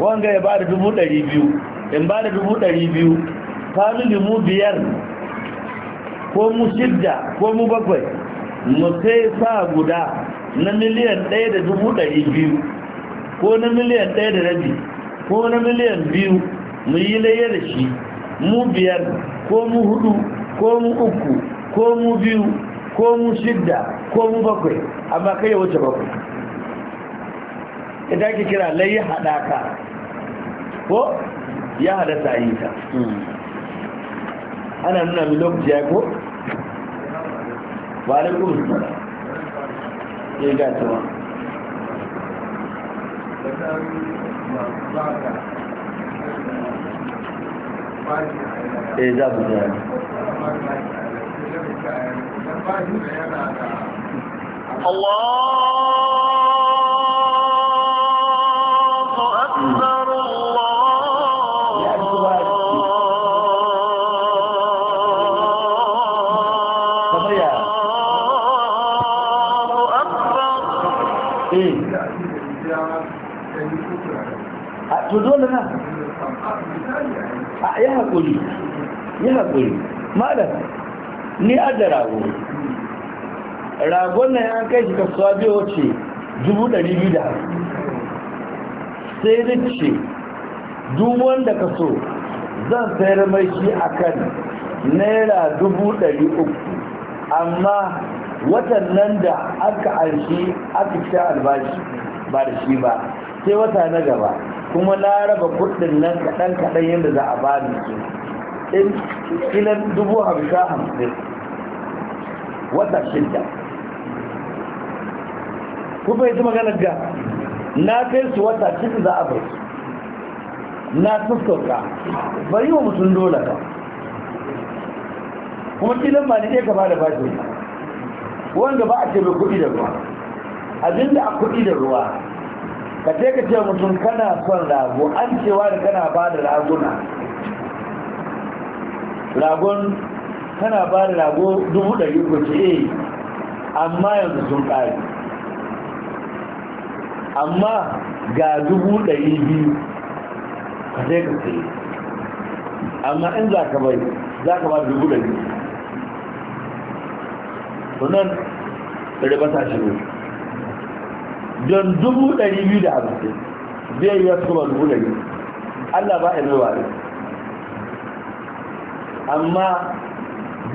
wanga ya ba da dubu ɗari biyu in ba da dubu ɗari biyu famili mu biyar ko mu shidda ko mu bakwai mu sai sa guda na miliyan ɗaya da dubu ɗari biyu ko na miliyan ɗaya da rabi ko na miliyan biyu mu yi laye da shi mu biyar ko mu hudu ko mu uku ko mu biyu ko mu shidda ko mu bakwai amma kai wace bakwai idan ake kira lai ya ka, ko ya ta yi ta ana nuna mai lokaci ya ko? ba da kuma su fara ya yi ba eh za su zai Allah da rago ragon nan an kai shi kasuwa biyu wace dubu ɗari biyu da sai duk ce duk wanda ka so zan sayar mai shi a kan naira dubu ɗari uku amma watan nan da aka alshi aka sha albashi ba da shi ba sai wata na gaba kuma na raba kudin nan kaɗan-kaɗan yadda za a ba da su in dubu hamsin hamsin wata shida ku bai ji maganar ga na kai su wata shida za a bai na tuskauka bari wa mutum dole ba kuma kilan ba ne ka ba da bashi wanda ba a ce bai kuɗi da ruwa abinda a kuɗi da ruwa ka ce ka ce mutum kana son rago an cewa da kana ba da raguna ragon kana ba da rago dubu ɗari yi ce eh amma yanzu sun ƙari amma ga dubu ɗari biyu ka sai ka sai amma in za ka bai za ka ba dubu ɗari sunan riba ta shigo don dubu ɗari biyu da hamsin zai yi wasu ba dubu ɗari allah ba ya mai wari amma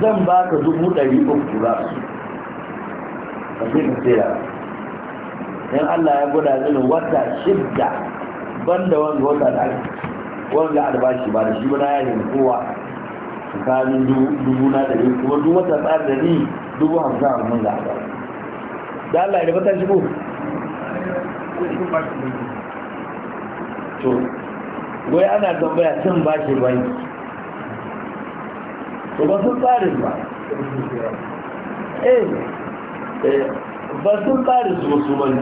zan ba ka dubu ɗari uku ba su ka sai tsira in Allah ya gwada zini wata shidda ban da wanga wata da wanga albashi ba da shi ba na yayin kowa tsakanin dubu na ɗari kuma duk wata tsari da ni dubu hamsin mun ga Allah da Allah ya rubuta shi ko to wai ana tambaya cin bashi banki ba sun tsarin ba eh, eh ba sun tsarin su wasu wani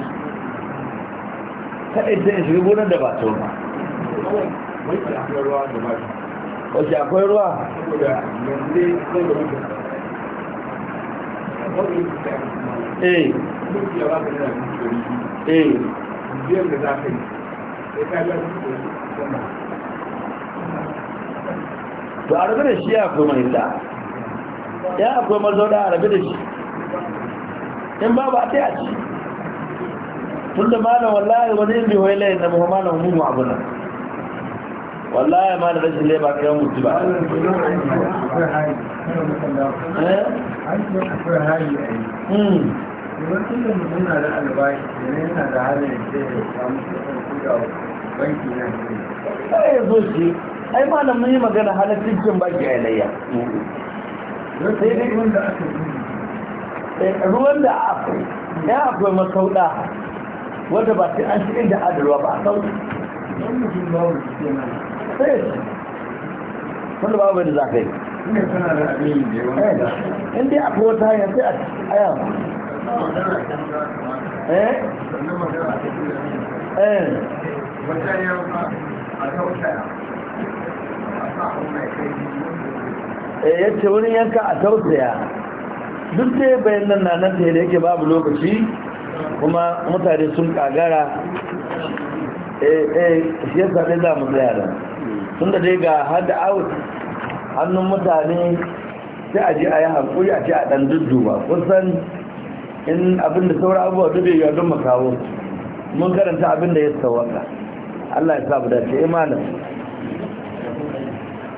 kaɗai zai shiga gonar da ba ta ba wace akwai ruwa eh eh a to a da shi ya akwai mahita ya akwai mazauna a rabu da shi in ba ba ta yaci tun da malam wallahi wani yin bihoi layin da muhammad malam mummu abu nan wallahi ma da rashin laiba ka yawan mutu ba eh zo shi ai malam mun yi magana halaccin jin baki a layya eh, ruwan da akwai ya akwai masauɗa Wanda ba sai an shi inda adalwa ba a sauɗi sai wanda babu eh, da za ka yi inda eh, akwai wata hanyar sai a aya eh eh wata yau ba a tausaya Eh, yace wani yanka a tausaya duk da ya bayyana na nan da yake babu lokaci kuma mutane sun kagara eh eh ne za mu tsaya da tun da dai ga hard out hannun mutane sai a ji a yi hankuri a ce a ɗan dudduba kusan in abin da sauran da duk yi don makawo mun karanta abin da ya tsawaka Allah ya sa mu dace imanin eh,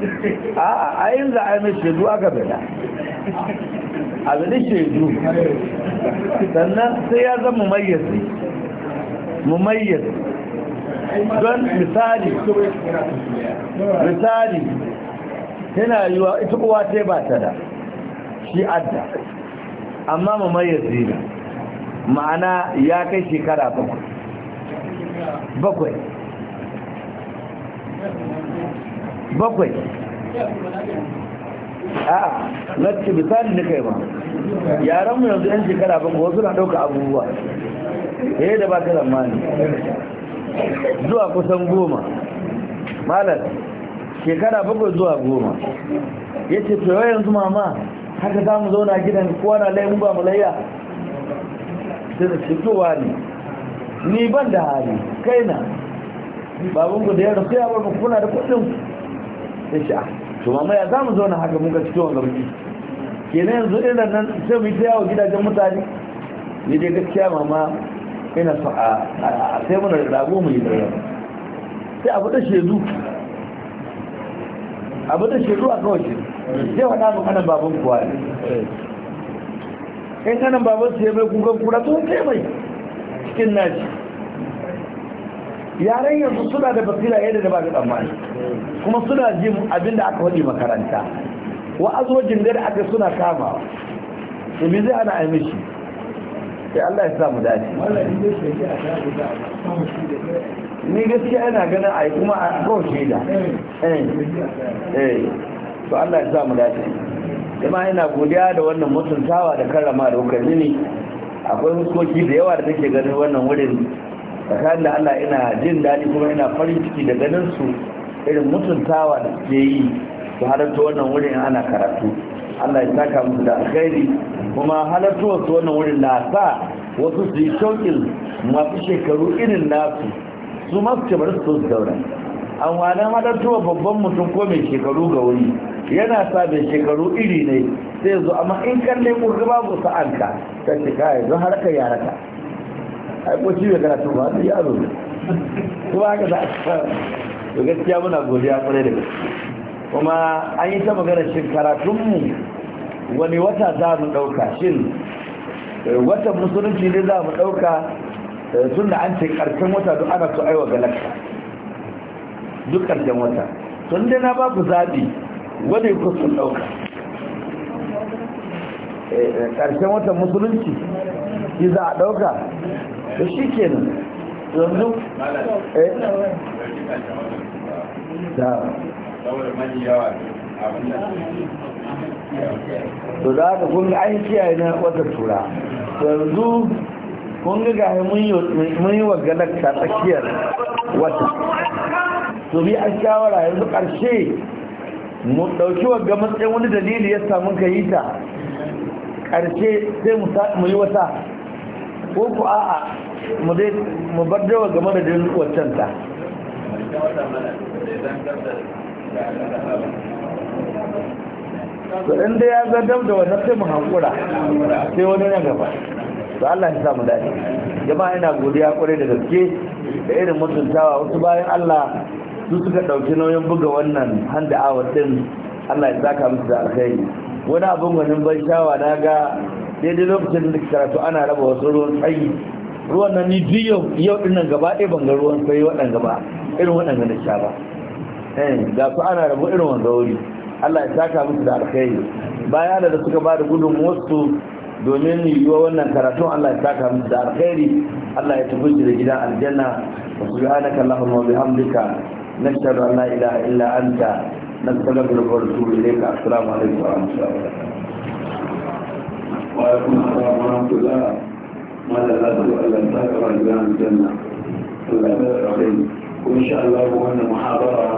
a yin za a yi mai shaidu aka bada zane shaidu sannan sai ya zama mayyazi mumayyazi don misali misali yana yiwa ita kuwa ta ba ta da shi adda amma mumayyazi ne ma'ana ya kai shekara bakwai bakwai a na ce misali na kai ba yaran mu yanzu yan shekara ba wasu na ɗauka abubuwa yi eh, da ba ka zamani zuwa kusan goma malar shekara bakwai zuwa goma ya ce to yanzu mama haka za mu zauna gidan kowa na laimu ba mu layya sai da fitowa ne ni ban da hali kai na babanku da ya rasu ya kuna da kudin sai a, ah, to mama ya za mu na haka muka cikin wanga biki kenan yanzu irin nan sai mu ta yawo gidajen mutane ne dai gaskiya mama ina so a sai mana rago mu yi dare sai abu da shezu abu da shezu a kawai shi sai wa mu kanan baban kuwa ne in kanan baban sai mai kukan kura to sai mai cikin naci yaren yanzu suna da basira yadda da ba tsammani kuma suna jin abin da aka faɗi makaranta wa'azojin da aka suna kama to zai ana aimishi sai Allah ya samu dace ni gaskiya ina ganin ai kuma a kawo shaida eh, eh to Allah ya samu dace kuma ina godiya da wannan mutuntawa da karrama da ne. akwai hukoki da yawa da take ganin wannan wurin tsakanin da Allah ina jin daɗi kuma ina farin ciki da ganin su irin mutuntawa da suke yi su halarta wannan wurin ana karatu Allah ya saka musu da alkhairi kuma halarta wannan wurin na sa wasu su yi shauƙin masu shekaru irin nasu su masu ce bari su su daura an wane halartuwar babban mutum ko mai shekaru ga wuri yana sa mai shekaru iri ne sai zo amma in kalle kurga babu sa'anka ta ce kai zo yara yaraka haikoci mai karatu ba su yaro ne kuma haka za a da gaskiya muna godiya kwarai da gaske kuma an yi ta magana shi karatunmu wani wata za mu ɗauka shin eh, watan musulunci ne za mu ɗauka eh, tun da an ce ƙarshen wata duk ana so aiwa galaka duk ƙarshen wata tun dai na ba ku zaɓi wani sun ɗauka eh, ƙarshen watan musulunci shi za a ɗauka da shi nan yanzu eh da to da haka kun an kiyaye na wata tura yanzu kun ga gaya mun yi wa galakta tsakiyar wata to bi an shawara yanzu ƙarshe mu ɗauki wa ga matsayin wani dalili ya samu ka yi ta ƙarshe sai mu yi wata ko ku a'a mu bar dawa game da dalil waccan ta to inda ya zadam da wannan sai mu hankura sai wani nan gaba to Allah ya samu dace jama'a ina godiya kwarai da gaske da irin mutuntawa wasu bayan Allah su suka dauki nauyin buga wannan handa awa din Allah ya saka musu da alkhairi wani abun wani ban shawa na ga daidai lokacin da karatu ana raba wasu ruwan tsayi ruwan nan ni duk yau yau dinnan gaba ɗaya ban ga ruwan sai waɗanda gaba irin waɗanda na sha ba eh ga ku ana rabu irin wanda wuri Allah ya saka musu da alkhairi bayan da suka ba da gudun wasu domin yiwuwa wannan karatu Allah ya saka musu da alkhairi Allah ya tafi da gidan aljanna wa subhanaka allahumma wa bihamdika nashhadu an la ilaha illa anta nastaghfiruka wa natubu ilayka assalamu alaikum wa rahmatullahi wa barakatuh wa alaikum ماذا الأسر ألا تذكر إلى الجنة الله خير وإن شاء الله وأن محاضرة